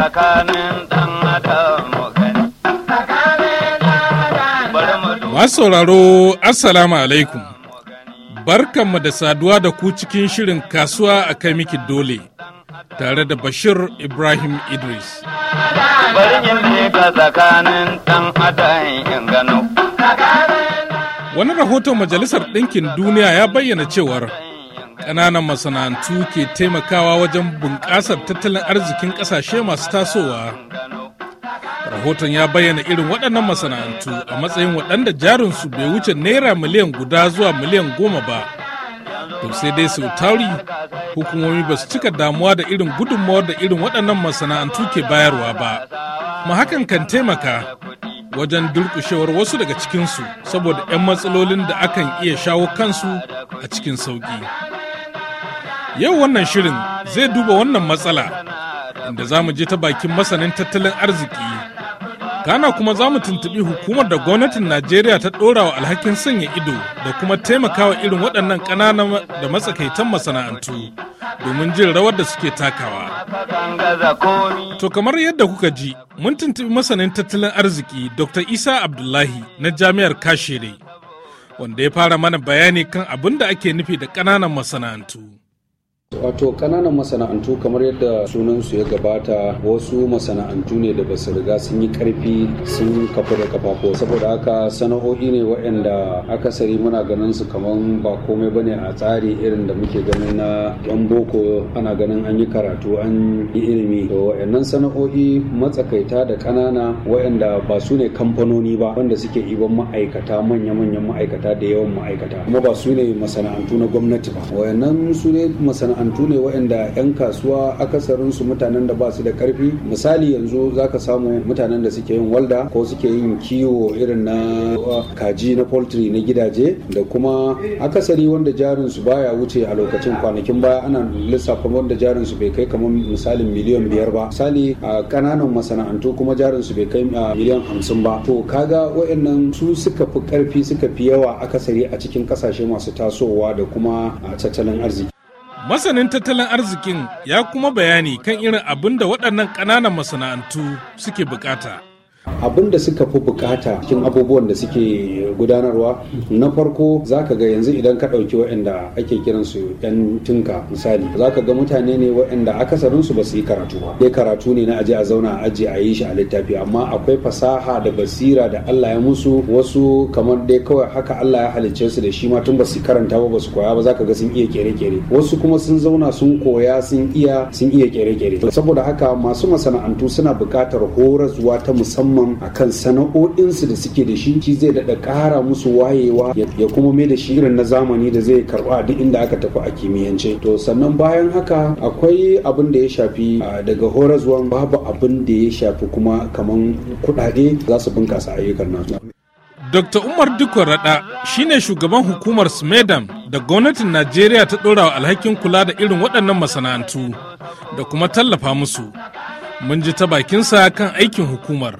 tsakanin dan adam sauraro Assalamu alaikum. Barkanmu da saduwa da ku cikin shirin kasuwa a kai miki dole tare da Bashir Ibrahim Idris. Wani rahoton Majalisar Ɗinkin Duniya ya bayyana cewar ƙananan masana'antu ke taimakawa wajen bunƙasar tattalin arzikin ƙasashe masu tasowa. Rahoton ya bayyana irin waɗannan masana'antu a matsayin waɗanda jarinsu bai wuce naira miliyan guda zuwa miliyan goma ba. To sai dai sau tauri hukumomi ba su cika damuwa da irin gudunmawar da irin waɗannan masana'antu ke bayarwa ba. Ma hakan kan taimaka wajen durƙushewar wasu daga cikinsu saboda 'yan matsalolin da akan iya shawo kansu a cikin sauƙi. Yau wannan shirin zai duba wannan matsala inda za mu je ta bakin masanin tattalin arziki. Kana kuma za mu tuntuɓi hukumar da gwamnatin Najeriya ta ɗora wa alhakin sanya ido da kuma taimakawa irin waɗannan ƙananan da matsakaitan masana'antu domin jin rawar da suke takawa. To kamar yadda kuka ji, mun tuntuɓi masanin tattalin arziki Dr. Isa Abdullahi na Jami'ar Kashere, wanda ya fara mana bayani kan abin da ake nufi da ƙananan masana'antu. wato kananan masana'antu kamar yadda sunansu ya gabata wasu masana'antu ne da basu riga sun yi karfi sun kafa da kafafo saboda haka sana'o'i ne wa'anda akasari muna ganin su kamar ba komai bane a tsari irin da muke ganin na yan boko ana ganin an yi karatu an yi ilimi to wa'annan sana'o'i matsakaita da kanana wa'anda ba su ne kamfanoni ba wanda suke iban ma'aikata manya-manyan ma'aikata da yawan ma'aikata kuma ba su ne masana'antu na gwamnati ba wa'annan su ne masana'antu masana'antu ne waɗanda 'yan kasuwa akasarin su mutanen da ba su da karfi misali yanzu zaka samu mutanen da suke yin walda ko suke yin kiwo irin na uh, kaji na poultry na gidaje da kuma akasari wanda jarin su baya wuce a lokacin kwanakin baya ana lissafa wanda jarin su bai kai kamar misalin miliyan biyar ba misali a uh, kananan masana'antu kuma jarin su bai kai uh, miliyan hamsin ba to kaga waɗannan su suka fi karfi suka fi yawa akasari a cikin kasashe masu tasowa da kuma tattalin arziki Masanin tattalin arzikin ya kuma bayani kan irin abin da waɗannan ƙananan masana'antu suke bukata. abin da suka fi bukata cikin abubuwan da suke gudanarwa na farko zaka ga yanzu idan ka ɗauki waɗanda ake kiransu 'yan tinka misali ka ga mutane ne waɗanda akasarin su ba su yi karatu ba dai karatu ne na aje a zauna a aje a yi shi a littafi amma akwai fasaha da basira da Allah ya musu wasu kamar dai kawai haka Allah ya halicce su da shi ma tun ba su karanta ba ba su koya ba Za ka ga sun iya kere-kere wasu kuma sun zauna sun koya sun iya sun iya kere-kere saboda haka masu masana'antu suna buƙatar horaswa ta musamman musamman kan sana'o'insu da suke da shi shi zai daɗa ƙara musu wayewa ya kuma mai da shi irin na zamani da zai karɓa duk inda aka tafi a kimiyyance to sannan bayan haka akwai abin da ya shafi daga horazwan babu abin da ya shafi kuma kaman kuɗaɗe za su bunƙasa ayyukan nasu Dr. Umar Dikko Rada shine shugaban hukumar Smedam da gwamnatin Najeriya ta ɗora wa alhakin kula da irin waɗannan masana'antu da kuma tallafa musu. Mun ji ta bakinsa kan aikin hukumar.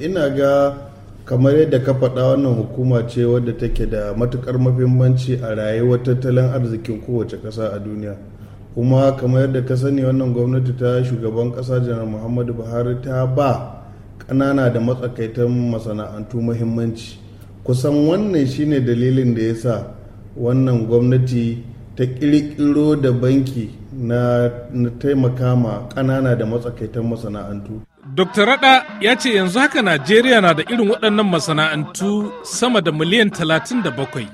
ina ga kamar yadda ka faɗa wannan hukuma ce wadda take da matukar mafimmanci a rayuwar tattalin arzikin kowace ƙasa a duniya kuma kamar yadda ka sani wannan gwamnati ta shugaban ƙasa janar muhammadu buhari ta ba ƙanana da matsakaitan masana'antu mahimmanci kusan wannan shine dalilin da ya sa wannan gwamnati ta ƙirƙiro da banki na taimaka ma ƙanana da matsakaitan masana'antu Dr. Rada ya ce yanzu haka Najeriya na da irin waɗannan masana'antu sama da miliyan 37.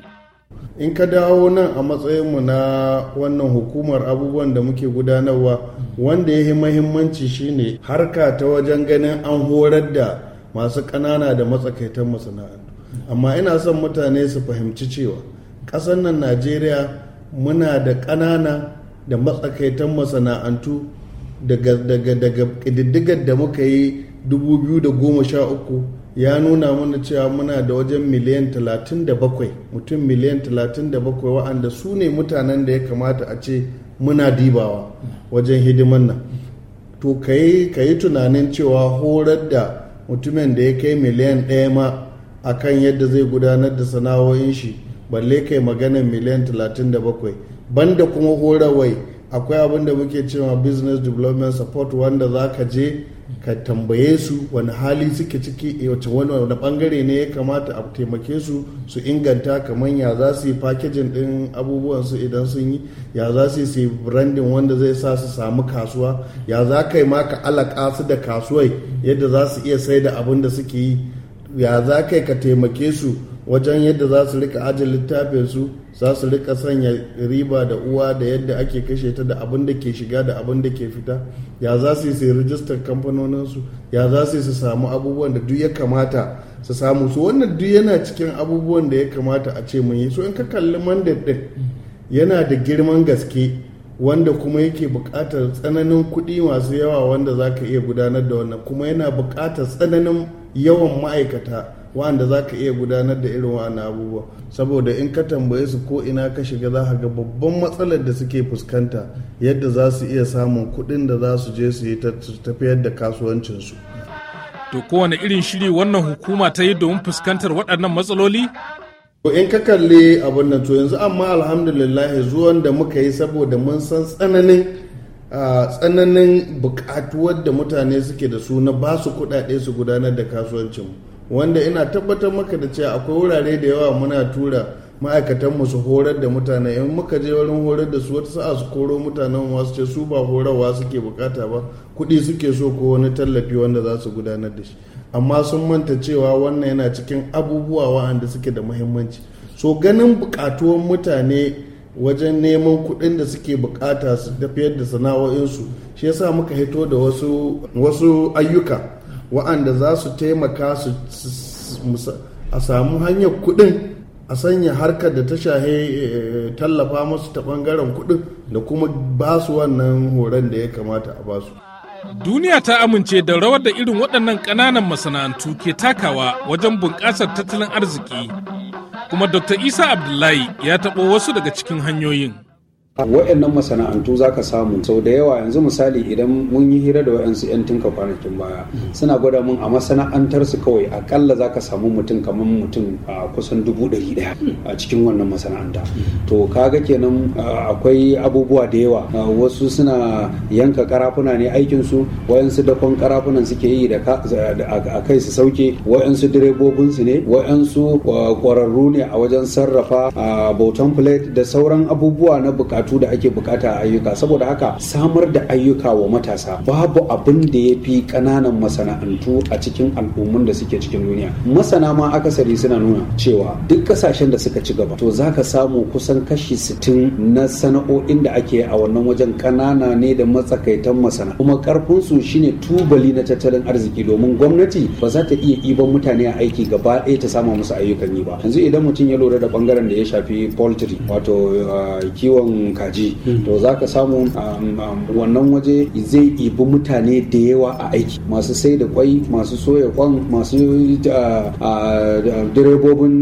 In ka dawo nan a matsayinmu na wannan hukumar abubuwan da muke gudanarwa wanda ya yi mahimmanci shine harka ta wajen ganin an horar da masu ƙanana da matsakaitan masana'antu. Amma ina son mutane su fahimci cewa ƙasar nan Najeriya muna da ƙanana da matsakaitan masana'antu daga daga daga ƙididdigar da muka yi 2013 ya nuna mana cewa muna da wajen miliyan 37 mutum miliyan 37 wa'anda su ne mutanen da ya kamata a ce muna dibawa wajen hidiman nan to ka yi tunanin cewa horar da mutumin da ya kai miliyan ɗaya ma a kan yadda zai gudanar da sana'o'in shi balle kai maganin miliyan 37 banda kuma wai. akwai abin da muke cewa business development support wanda za ka je ka tambaye su wani hali suke ciki eh, wace wani bangare ne ya kamata a taimake su su inganta kamar ya za su yi packaging din abubuwan su idan sun yi ya za su yi branding wanda zai sa su samu kasuwa ya za ka yi maka alaka su da kasuwai yadda za su iya sai da abin da suke yi ya za ka ka taimake su wajen yadda za su rika ajin littafin su za su rika sanya riba da uwa da yadda ake kashe ta da abin da ke shiga da abin da ke fita ya za su yi rijistar kamfanoninsu ya za su su samu abubuwan da duk ya kamata su samu su wannan duk yana cikin abubuwan da ya kamata a ce mun yi so in ka kalli mandate din yana da girman gaske wanda kuma yake buƙatar tsananin kuɗi masu yawa wanda za ka iya gudanar da wannan kuma yana buƙatar tsananin yawan ma'aikata wanda za ka iya gudanar da irin wa'an abubuwa saboda in ka tambaye su ko ina ka shiga za ka ga babban matsalar da suke fuskanta yadda za su iya samun kuɗin da za su je su yi tafiyar da kasuwancinsu to kowane irin shiri wannan hukuma ta yi domin fuskantar waɗannan matsaloli in ka kalli abin nan to yanzu amma alhamdulillah zuwan da muka yi saboda mun san tsananin tsananin bukatuwar da mutane suke da su na su kuɗaɗe su gudanar da kasuwancin mu. wanda ina tabbatar maka da cewa akwai wurare da yawa muna tura ma'aikatanmu su horar da mutane in muka je wurin horar da su wata sa'a su koro mutanen wasu ce su ba horarwa suke bukata ba kuɗi suke so ko wani tallafi wanda za su gudanar da shi amma sun manta cewa wannan yana cikin abubuwa wa'anda suke da muhimmanci so ganin bukatuwan mutane wajen neman kuɗin da suke bukata su tafiyar da sana'o'insu shi yasa muka hito da wasu ayyuka wa'anda za su taimaka su a samu hanyar kuɗin a sanya harkar da ta shahe eh, tallafa masu ta bangaren kuɗin da kuma ba su wannan horon da ya kamata a ba su. Duniya ta amince da rawar da irin waɗannan ƙananan masana'antu ke takawa wajen bunƙasar tattalin arziki, kuma Dr. Isa Abdullahi ya taɓo wasu daga cikin hanyoyin. wa'annan masana'antu za ka samu sau da yawa yanzu misali idan mun yi hira da wa'yansu 'yan tinka kwanakin baya suna gwada mun a masana'antar su kawai akalla za ka samu mutum kamar mutum a kusan dubu ɗari ɗaya a cikin wannan masana'anta to kaga kenan akwai abubuwa da yawa wasu suna yanka karafuna ne aikin su wa'yansu dakon karafunan suke yi da a kai su sauke wa'yansu direbobin su ne wa'yansu kwararru ne a wajen sarrafa bautan plate da sauran abubuwa na bukatu karatu da ake bukata a ayyuka saboda haka samar da ayyuka wa matasa babu abin da ya fi ƙananan masana'antu a cikin al'ummun da suke cikin duniya masana ma akasari suna nuna cewa duk kasashen da suka ci gaba to zaka samu kusan kashi 60 na sana'o'in da ake a wannan wajen ƙanana ne da matsakaitan masana kuma su shine tubali na tattalin arziki domin gwamnati ba za ta iya iban mutane a aiki gaba ɗaya ta sama musu ayyukan yi ba yanzu idan mutum ya lura da bangaren da ya shafi poultry wato ah, kiwon kaji hmm. to za ka samu um, um, wannan waje zai ibi mutane da yawa a aiki masu sai da kwai masu soya kwan masu uh, uh, direbobin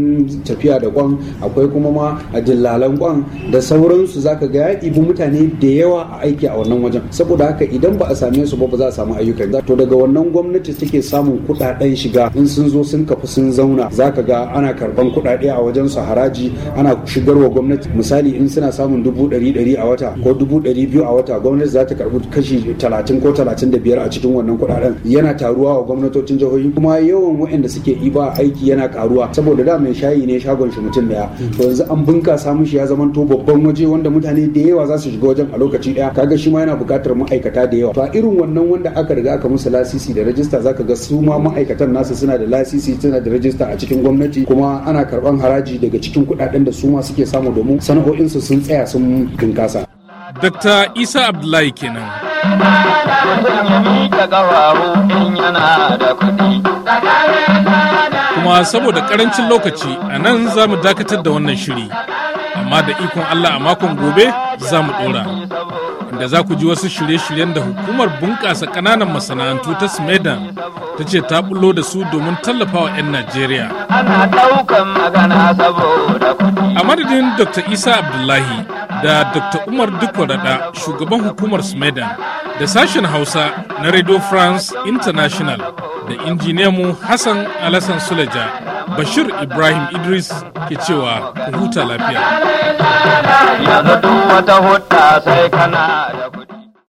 tafiya da kwan akwai kuma ma dillalan kwan da sauransu za ka ga ya ibi mutane da yawa a aiki a wannan wajen saboda haka idan ba a same su ba ba za a samu ayyukan to daga wannan gwamnati take samun kuɗaɗen shiga in sun zo sun kafi sun zauna za ka ga ana karban kuɗaɗe a wajen su haraji ana shigarwa gwamnati misali in suna samun dubu ɗari ɗari a wata ko dubu ɗari biyu a wata gwamnati za ta karɓi kashi talatin ko talatin da biyar a cikin wannan kuɗaɗen yana taruwa wa gwamnatocin jihohi kuma yawan waɗanda suke iba aiki yana karuwa saboda da mai shayi ne shagon shi mutum daya to yanzu an bunkasa mishi ya zamanto babban waje wanda mutane da yawa za su shiga wajen a lokaci daya kaga shi ma yana buƙatar ma'aikata da yawa to a irin wannan wanda aka riga aka musu lasisi da rajista zaka ga su ma ma'aikatan nasu suna da lasisi suna da rajista a cikin gwamnati kuma ana karban haraji daga cikin kuɗaɗen da su ma suke samu domin sana'o'insu sun tsaya sun kin kasa Dr. Isa Abdullahi kenan. Kuma saboda karancin lokaci a nan za mu dakatar da wannan shiri, amma da ikon Allah a makon gobe za mu ɗora. Inda za ku ji wasu shirye-shiryen da hukumar bunƙasa ƙananan masana'antu ta Smedan ta ce ta bullo da su domin tallafawa 'yan Najeriya. A madadin Dr. Isa Abdullahi da Dr. Umar Dukwadada shugaban hukumar Smedan da sashen Hausa na Radio France International da injiniyamu Hassan alasan Suleja Bashir Ibrahim Idris ke cewa huta lafiya.